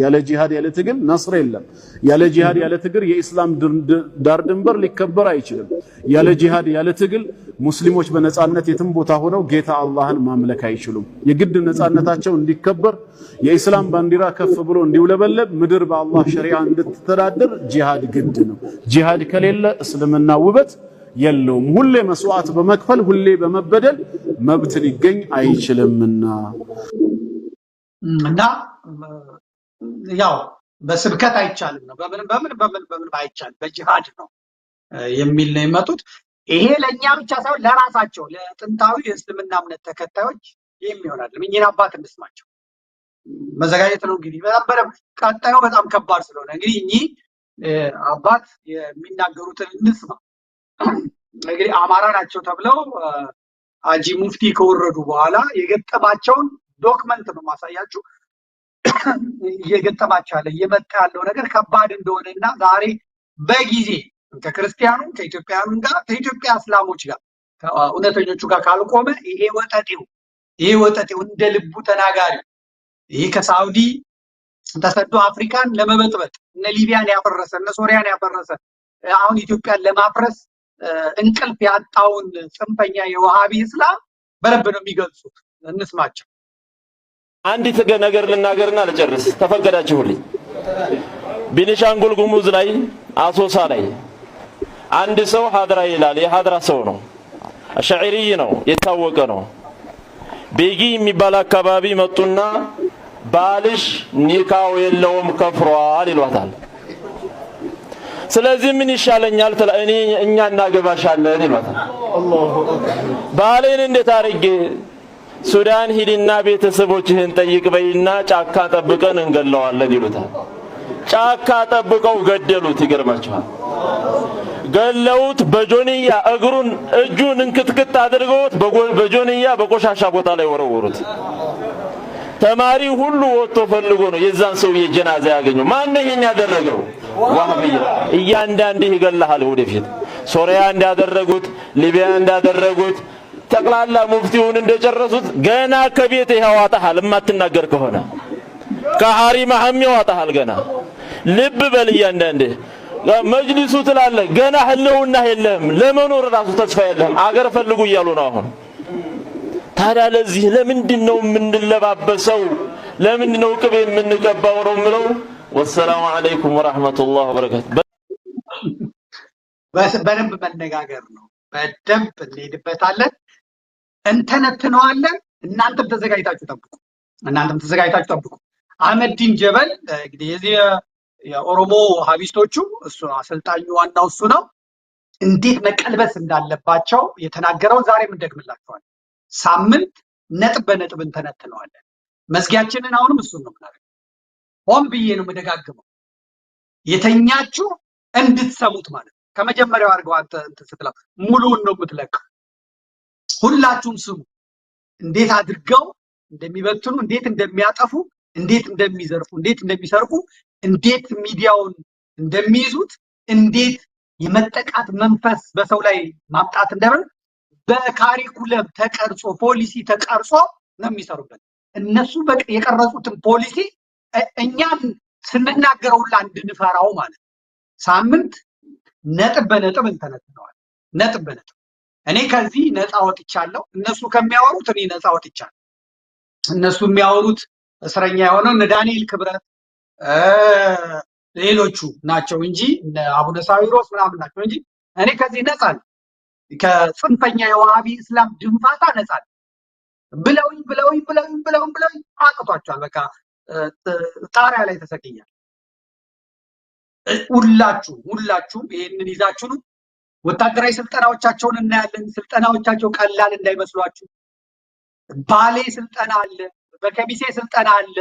ያለ ጂሃድ ያለ ትግል ነስር የለም። ያለ ጂሃድ ያለ ትግል የኢስላም ዳር ድንበር ሊከበር አይችልም። ያለ ጂሃድ ያለ ትግል ሙስሊሞች በነጻነት የትም ቦታ ሆነው ጌታ አላህን ማምለክ አይችሉም። የግድ ነጻነታቸው እንዲከበር የኢስላም ባንዲራ ከፍ ብሎ እንዲውለበለብ ምድር በአላህ ሸሪዓ እንድትተዳደር ጂሃድ ግድ ነው። ጂሃድ ከሌለ እስልምና ውበት የለውም። ሁሌ መስዋዕት በመክፈል ሁሌ በመበደል መብት ሊገኝ አይችልምና እና ያው በስብከት አይቻልም ነው በምን በምን በምን በምን አይቻልም በጂሃድ ነው የሚል ነው የመጡት። ይሄ ለእኛ ብቻ ሳይሆን ለራሳቸው ለጥንታዊ የእስልምና እምነት ተከታዮች የሚሆን አይደለም። እኚህን አባት እንስማቸው። መዘጋጀት ነው እንግዲህ በጣም ቀጣዩ በጣም ከባድ ስለሆነ እንግዲህ እኚህ አባት የሚናገሩትን እንስማ። እንግዲህ አማራ ናቸው ተብለው አጂ ሙፍቲ ከወረዱ በኋላ የገጠማቸውን ዶክመንት ነው ማሳያችሁ። እየገጠማቸው ያለ እየመጣ ያለው ነገር ከባድ እንደሆነ እና ዛሬ በጊዜ ከክርስቲያኑ ከኢትዮጵያውያኑ ጋር ከኢትዮጵያ እስላሞች ጋር እውነተኞቹ ጋር ካልቆመ ይሄ ወጠጤው ይሄ ወጠጤው እንደ ልቡ ተናጋሪ ይህ ከሳውዲ ተሰዶ አፍሪካን ለመበጥበጥ እነ ሊቢያን ያፈረሰ እነ ሶሪያን ያፈረሰ አሁን ኢትዮጵያን ለማፍረስ እንቅልፍ ያጣውን ጽንፈኛ የውሃቢ እስላም በረብ ነው የሚገልጹት። እንስማቸው። አንዲት ነገር ልናገርና ልጨርስ ተፈቀዳችሁልኝ። ቤኒሻንጉል ጉሙዝ ላይ አሶሳ ላይ አንድ ሰው ሀድራ ይላል። የሀድራ ሰው ነው፣ አሻዕሪይ ነው፣ የታወቀ ነው። ቤጊ የሚባል አካባቢ መጡና ባልሽ ኒካው የለውም ከፍሯል ይሏታል። ስለዚህ ምን ይሻለኛል ትላ እኔ እኛ እናገባሻለን ይሏታል። ባሌን እንዴት አርጌ? ሱዳን ሂድና ቤተሰቦችህን ጠይቅ በይና ጫካ ጠብቀን እንገለዋለን ይሉታል። ጫካ ጠብቀው ገደሉት። ይገርማችኋል። ገለውት በጆንያ እግሩን እጁን እንክትክት አድርገውት በጆንያ በቆሻሻ ቦታ ላይ ወረወሩት። ተማሪ ሁሉ ወጥቶ ፈልጎ ነው የዛን ሰውዬ ጀናዛ ያገኘው። ማን ይሄን ያደረገው? ዋህብያ። እያንዳንድ ይገልሃል። ወደፊት ሶሪያ እንዳደረጉት ሊቢያ እንዳደረጉት ጠቅላላ ሙፍቲውን እንደጨረሱት ገና ከቤት ይኸው አወጣሃል። የማትናገር ከሆነ ማህም ይዋጣሃል። ገና ልብ በል እያንዳንዴ መጅሊሱ ትላለ ገና ህልውና የለህም፣ ለመኖር ራሱ ተስፋ የለህም። አገር ፈልጉ እያሉ ነው አሁን። ታዲያ ለዚህ ለምንድን ነው የምንለባበሰው? ለምንድን ነው ቅቤ የምንቀባው ነው የምለው። ወሰላሙ አለይኩም ወራህመቱላህ ወበረካቱ። በደንብ መነጋገር ነው። በደንብ እንሄድበታለን። እንተነትነዋለን። እናንተም ተዘጋጅታችሁ ጠብቁ። እናንተም ተዘጋጅታችሁ ጠብቁ። አህመዲን ጀበል እንግዲህ የዚህ የኦሮሞ ሀቢስቶቹ እሱ አሰልጣኙ፣ ዋናው እሱ ነው። እንዴት መቀልበስ እንዳለባቸው የተናገረውን ዛሬም እንደግምላቸዋለን። ሳምንት ነጥብ በነጥብ እንተነትነዋለን። መዝጊያችንን አሁንም እሱን ነው ምናለ ሆን ብዬ ነው የምደጋግመው የተኛችሁ እንድትሰሙት ማለት ነው። ከመጀመሪያው አድርገው አንተ ስትለው ሙሉውን ነው የምትለቀው ሁላችሁም ስሙ። እንዴት አድርገው እንደሚበትኑ፣ እንዴት እንደሚያጠፉ፣ እንዴት እንደሚዘርፉ፣ እንዴት እንደሚሰርቁ፣ እንዴት ሚዲያውን እንደሚይዙት፣ እንዴት የመጠቃት መንፈስ በሰው ላይ ማምጣት እንደምን በካሪኩለም ተቀርጾ ፖሊሲ ተቀርጾ ነው የሚሰሩበት። እነሱ የቀረጹትን ፖሊሲ እኛን ስንናገረው ሁላ እንድንፈራው ማለት ነው። ሳምንት ነጥብ በነጥብ እንተነትነዋል። ነጥብ በነጥብ እኔ ከዚህ ነፃ ወጥቻለሁ። እነሱ ከሚያወሩት እኔ ነፃ ወጥቻለሁ። እነሱ የሚያወሩት እስረኛ የሆነው እነ ዳንኤል ክብረት ሌሎቹ ናቸው እንጂ አቡነ ሳዊሮስ ምናምን ናቸው እንጂ እኔ ከዚህ ነፃ ነው። ከጽንፈኛ የዋሃቢ እስላም ድንፋታ ነፃ ነው። ብለውኝ ብለውኝ ብለውኝ ብለውኝ ብለውኝ አቅቷቸዋል። በቃ ጣሪያ ላይ ተሰቅያል። ሁላችሁም ሁላችሁም ይህንን ይዛችሁ ነው ወታደራዊ ስልጠናዎቻቸውን እናያለን። ስልጠናዎቻቸው ቀላል እንዳይመስሏችሁ። ባሌ ስልጠና አለ፣ በከሚሴ ስልጠና አለ።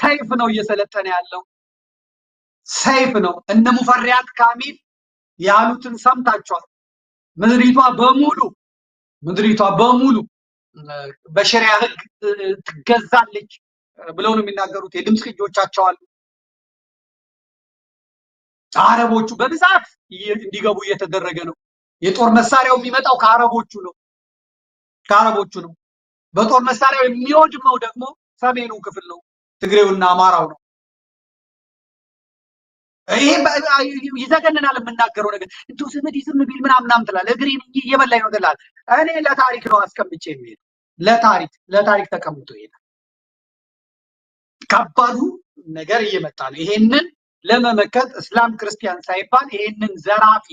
ሰይፍ ነው እየሰለጠነ ያለው ሰይፍ ነው። እነ ሙፈሪያት ካሚል ያሉትን ሰምታችኋል። ምድሪቷ በሙሉ ምድሪቷ በሙሉ በሸሪያ ህግ ትገዛለች ብለው ነው የሚናገሩት። የድምፅ ቅጆቻቸው አሉ። አረቦቹ በብዛት እንዲገቡ እየተደረገ ነው። የጦር መሳሪያው የሚመጣው ከአረቦቹ ነው ከአረቦቹ ነው። በጦር መሳሪያው የሚወድመው ደግሞ ሰሜኑ ክፍል ነው፣ ትግሬውና አማራው ነው። ይሄ ይዘገንናል የምናገረው ነገር እንዲሁ ስምድ ዝም ቢል ምናምን ምናምን ትላለህ። እግሬ እየበላኝ ነው ትላል። እኔ ለታሪክ ነው አስቀምጬ የሚሄድ ለታሪክ ለታሪክ ተቀምጦ ይሄዳል። ከባዱ ነገር እየመጣ ነው። ይሄንን ለመመከት እስላም ክርስቲያን ሳይባል ይህንን ዘራፊ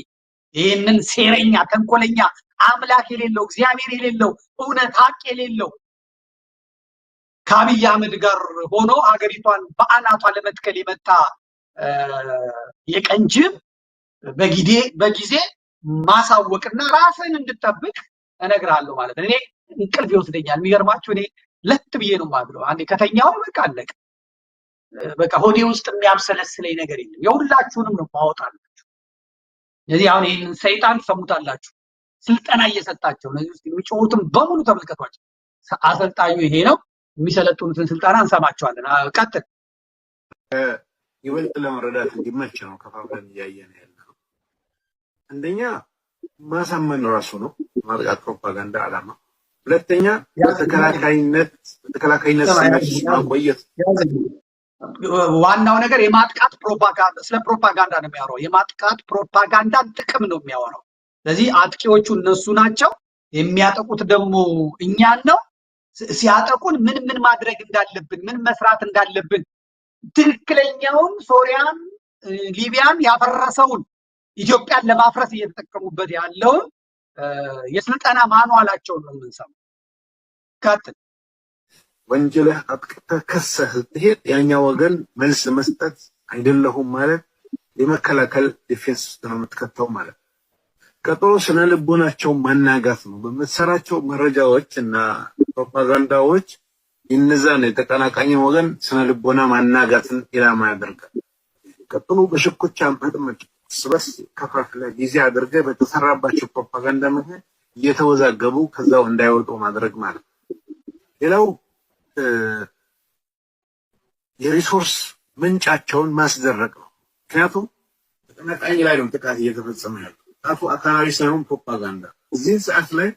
ይህንን ሴረኛ፣ ተንኮለኛ፣ አምላክ የሌለው እግዚአብሔር የሌለው እውነት ሀቅ የሌለው ከአብይ አህመድ ጋር ሆኖ ሀገሪቷን በአናቷ ለመትከል የመጣ የቀንጅብ በጊዜ በጊዜ ማሳወቅና ራስን እንድጠብቅ እነግርሃለሁ ማለት ነው። እኔ እንቅልፍ ይወስደኛል። የሚገርማችሁ እኔ ለት ብዬ ነው ማድረው። አንዴ ከተኛው በቃ አለቀ። በቃ ሆዴ ውስጥ የሚያብሰለስለኝ ነገር የለም። የሁላችሁንም ነው ማወጣላችሁ። ስለዚህ አሁን ይህንን ሰይጣን ሰሙታላችሁ ስልጠና እየሰጣቸው እነዚህ ውስጥ የሚጮሁትም በሙሉ ተመልከቷቸው። አሰልጣኙ ይሄ ነው። የሚሰለጥኑትን ስልጠና እንሰማቸዋለን። ቀጥል። ይበልጥ ለመረዳት እንዲመች ነው ከፋብለን እያየን ያለ ነው። አንደኛ ማሳመን ራሱ ነው ማጥቃት ፕሮፓጋንዳ አላማ። ሁለተኛ በተከላካይነት ስሜት ማቆየት ዋናው ነገር የማጥቃት ፕሮፓጋንዳ ስለ ፕሮፓጋንዳ ነው የሚያወራው። የማጥቃት ፕሮፓጋንዳን ጥቅም ነው የሚያወራው። ስለዚህ አጥቂዎቹ እነሱ ናቸው፣ የሚያጠቁት ደግሞ እኛን ነው። ሲያጠቁን ምን ምን ማድረግ እንዳለብን፣ ምን መስራት እንዳለብን ትክክለኛውን ሶሪያን፣ ሊቢያን ያፈረሰውን ኢትዮጵያን ለማፍረስ እየተጠቀሙበት ያለውን የስልጠና ማኗላቸውን ነው የምንሰማው። ቀጥል ወንጀልህ አጥቅተህ ከሰህ ስትሄድ ያኛ ወገን መልስ መስጠት አይደለሁም ማለት የመከላከል ዲፌንስ ነው የምትከተው ማለት ነው። ቀጥሎ ስነ ልቦናቸው ማናጋት ነው። በምትሰራቸው መረጃዎች እና ፕሮፓጋንዳዎች ይነዛን የተቀናቃኝ ወገን ስነ ልቦና ማናጋትን ኢላማ ያደርጋል። ቀጥሎ በሽኩቻ መጥመድ ስበስ ከፋፍለ ጊዜ አድርገ በተሰራባቸው ፕሮፓጋንዳ ምክንያት እየተወዛገቡ ከዛው እንዳይወጡ ማድረግ ማለት ነው። ሌላው የሪሶርስ ምንጫቸውን ማስደረቅ ነው። ምክንያቱም ተቀናቃኝ ላይ ነው ጥቃት እየተፈጸመ ያለው ጣቱ አካባቢ ሳይሆን ፕሮፓጋንዳ። እዚህን ሰዓት ላይ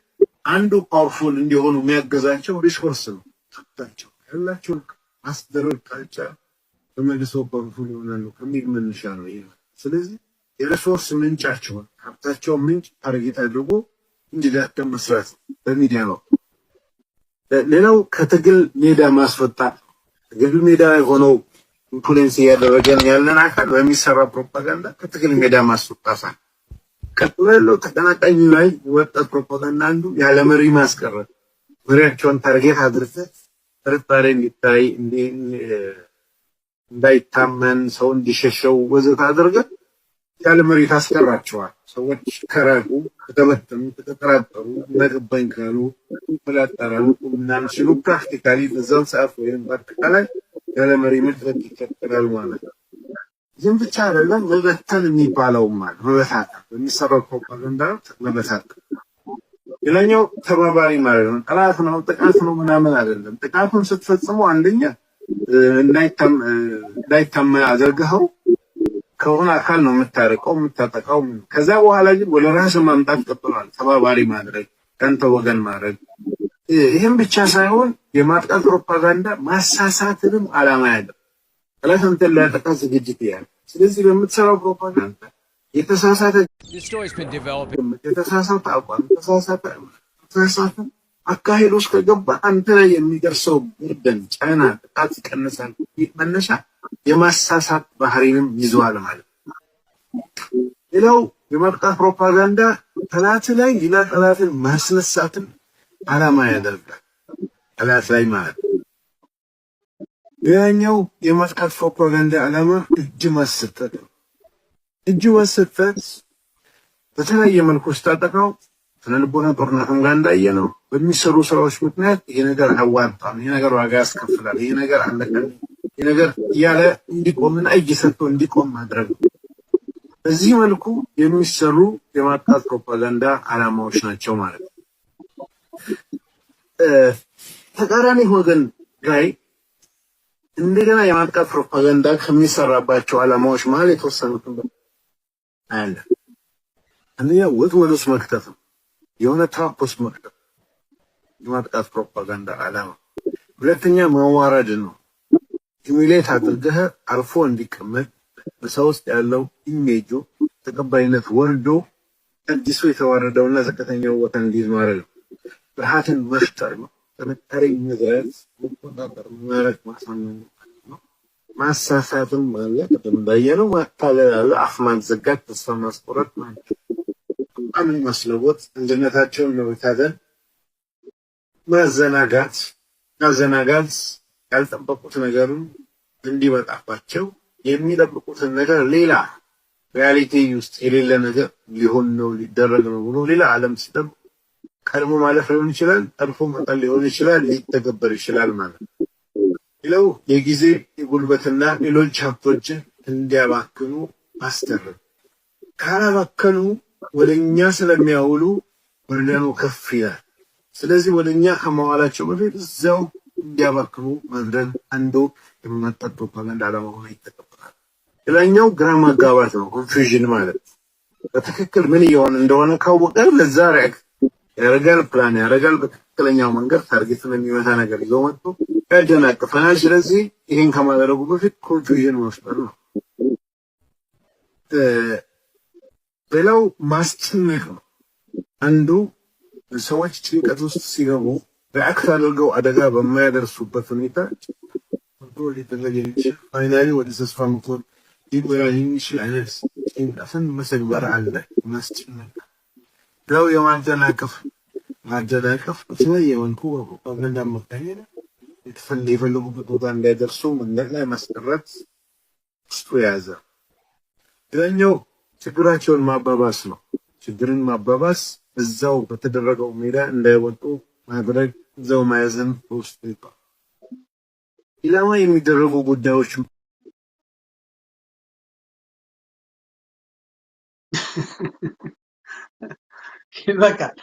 አንዱ ፓወርፉል እንዲሆኑ የሚያገዛቸው ሪሶርስ ነው። ታቸው ያላቸውን ማስደረቅ ጣጫ በመልሶ ፓወርፉል ይሆናሉ ከሚል መነሻ ነው ይሄ። ስለዚህ የሪሶርስ ምንጫቸውን ሀብታቸውን ምንጭ ታርጌት አድርጎ እንዲዳከም መስራት በሚዲያ ነው። ሌላው ከትግል ሜዳ ማስወጣት ትግል ሜዳ የሆነው ኢንፍሉዌንስ እያደረገን ያለን አካል በሚሰራ ፕሮፓጋንዳ ከትግል ሜዳ ማስወጣት፣ ቀጥሎ ያለው ተቀናቃኝ ላይ ወጣት ፕሮፓጋንዳ አንዱ ያለ መሪ ማስቀረት፣ መሪያቸውን ታርጌት አድርገህ ጥርጣሬ እንዲታይ እንዳይታመን ሰው እንዲሸሸው ወዘተ አድርገህ ያለ መሬት አስቀራቸዋል። ሰዎች ከራቁ፣ ከተበተኑ፣ ከተጠራጠሩ፣ እናገባኝ ካሉ፣ መላጠራሉ ምናም ሲሉ ፕራክቲካሊ በዛም ሰዓት ወይም በአጠቃላይ ያለ መሪ መድረክ ይከተላል ማለት ነው። ይህም ብቻ አይደለም፣ መበተን የሚባለው አለ። መበታተን በሚሰራው ፕሮፓጋንዳ መበታተን። ሌላኛው ተባባሪ ማለት ነው። ጠላት ነው፣ ጥቃት ነው ምናምን አይደለም። ጥቃቱን ስትፈጽሙ አንደኛ እንዳይታመ አድርገኸው ከሆነ አካል ነው የምታርቀው የምታጠቃው። ከዛ በኋላ ግን ወደ ራስ ማምጣት ቀጥሏል። ተባባሪ ማድረግ፣ ከንተ ወገን ማድረግ። ይህም ብቻ ሳይሆን የማጥቃት ፕሮፓጋንዳ ማሳሳትንም አላማ ያለው ጥላት አንተን ሊያጠቃት ዝግጅት ያለ። ስለዚህ በምትሰራው ፕሮፓጋንዳ የተሳሳተ የተሳሳተ አቋም የተሳሳተ አካሄድ ውስጥ ከገባ አንተ ላይ የሚደርሰው ጉርደን፣ ጫና፣ ጥቃት ይቀንሳል። ይህ መነሻ የማሳሳት ባህሪንም ይዘዋል ማለት ነው። ሌላው የማጥቃት ፕሮፓጋንዳ ጠላት ላይ ሌላ ጠላትን ማስነሳትን አላማ ያደርጋል። ጠላት ላይ ማለት ሌላኛው የማጥቃት ፕሮፓጋንዳ ዓላማ እጅ ማሰጠት ነው። እጅ ማሰጠት በተለያየ መልኩ ስታጠቃው ስነልቦና ጦርነትም ጋር ነው። በሚሰሩ ስራዎች ምክንያት ይሄ ነገር አዋጣም፣ ይሄ ነገር ዋጋ ያስከፍላል፣ ይሄ ነገር አለቀ፣ ይሄ ነገር እያለ እንዲቆምና እጅ ሰጥቶ እንዲቆም ማድረግ ነው። በዚህ መልኩ የሚሰሩ የማጥቃት ፕሮፓጋንዳ አላማዎች ናቸው ማለት ነው። ተቃራኒ ወገን ላይ እንደገና የማጥቃት ፕሮፓጋንዳ ከሚሰራባቸው አላማዎች መሀል የተወሰኑትን አያለን። አንደኛ ወጥ ውስጥ መክተት ነው። የእውነታ ኮስሞ የማጥቃት ፕሮፓጋንዳ አላማ፣ ሁለተኛ ማዋረድ ነው። ሂሚሌት አድርገህ አርፎ እንዲቀመጥ በሰው ውስጥ ያለው ኢሜጁ ተቀባይነት ወርዶ አዲሱ የተዋረደውና ዝቅተኛው ቦታ እንዲይዝ ማድረግ ነው። ፍርሃትን መፍጠር ነው። ጥንካሬ መዝረዝ መቆጣጠር፣ መመረቅ፣ ማሳመን ማሳሳትም አለ። ቅድም እንዳየነው ማታለል አለ። አፍ ማዘጋት፣ ተስፋ ማስቆረጥ ናቸው። ማንን ማስለወጥ አንድነታቸውን ለመታደን ማዘናጋት ማዘናጋት ያልጠበቁት ነገርም እንዲመጣባቸው የሚጠብቁትን ነገር ሌላ ሪያሊቲ ውስጥ የሌለ ነገር ሊሆን ነው ሊደረግ ነው ብሎ ሌላ ዓለም ሲጠብቅ ቀድሞ ማለፍ ሊሆን ይችላል፣ ጠልፎ መጣል ሊሆን ይችላል፣ ሊተገበር ይችላል ማለት ነው። ሌላው የጊዜ የጉልበትና ሌሎች ሀብቶችን እንዲያባክኑ አስደረግ ካላባከኑ ወደ እኛ ስለሚያውሉ ወርዳኑ ከፍ ይላል። ስለዚህ ወደ እኛ ከመዋላቸው በፊት እዚያው እንዲያባክኑ መብደን አንዱ የማጠጥ ፕሮፓጋንዳ አለመሆኑ ይጠቀበታል። ሌላኛው ግራ ማጋባት ነው፣ ኮንፊውዥን ማለት በትክክል ምን እየሆነ እንደሆነ ካወቀ ለዛ ሪያክት ያደርጋል፣ ፕላን ያደርጋል። በትክክለኛው መንገድ ታርጌትን የሚመታ ነገር ይዞ መጥቶ ያደናቅፈናል። ስለዚህ ይህን ከማድረጉ በፊት ኮንፊውዥን መፍጠር ነው። ሌላው ማስጨነቅ ነው። አንዱ ሰዎች ጭንቀት ውስጥ ሲገቡ ሪአክት አድርገው አደጋ በማያደርሱበት ሁኔታ ኮንትሮል ሊደረግ የሚችል ፋይናሊ ወደ ተስፋ መኮር ሊበራ የሚችል አይነት ጭንቀትን መሰግበር አለ። ማስጨነቅ ለው የማደናቀፍ ማደናቀፍ በተለያየ መልኩ በፕሮፓጋንዳ አማካኝነት የፈለጉበት ቦታ እንዳይደርሱ መንገድ ላይ ማስቀረት ውስጡ የያዘ ሌላኛው ችግራቸውን ማባባስ ነው። ችግርን ማባባስ እዛው በተደረገው ሜዳ እንዳይወጡ ማድረግ እዛው መያዝን በውስጥ ይባል ኢላማ የሚደረጉ ጉዳዮች ይበቃል።